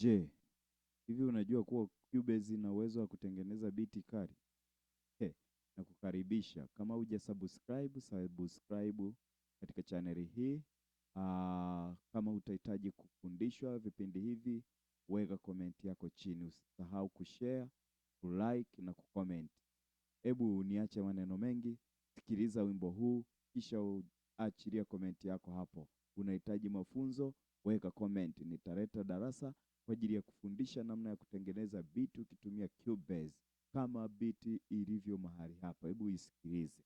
Je, hivi unajua kuwa Cubase ina uwezo wa kutengeneza biti kali? He, na kukaribisha kama uja subscribe, subscribe katika chaneli hii. Aa, ah, kama utahitaji kufundishwa vipindi hivi, weka komenti yako chini, usisahau kushare, kulike na kucomment. Hebu niache maneno mengi, sikiliza wimbo huu kisha achilia komenti yako hapo. Unahitaji mafunzo, weka komenti, nitaleta darasa kwa ajili ya kufundisha namna ya kutengeneza biti ukitumia Cubase kama biti ilivyo mahali hapa. Hebu isikilize.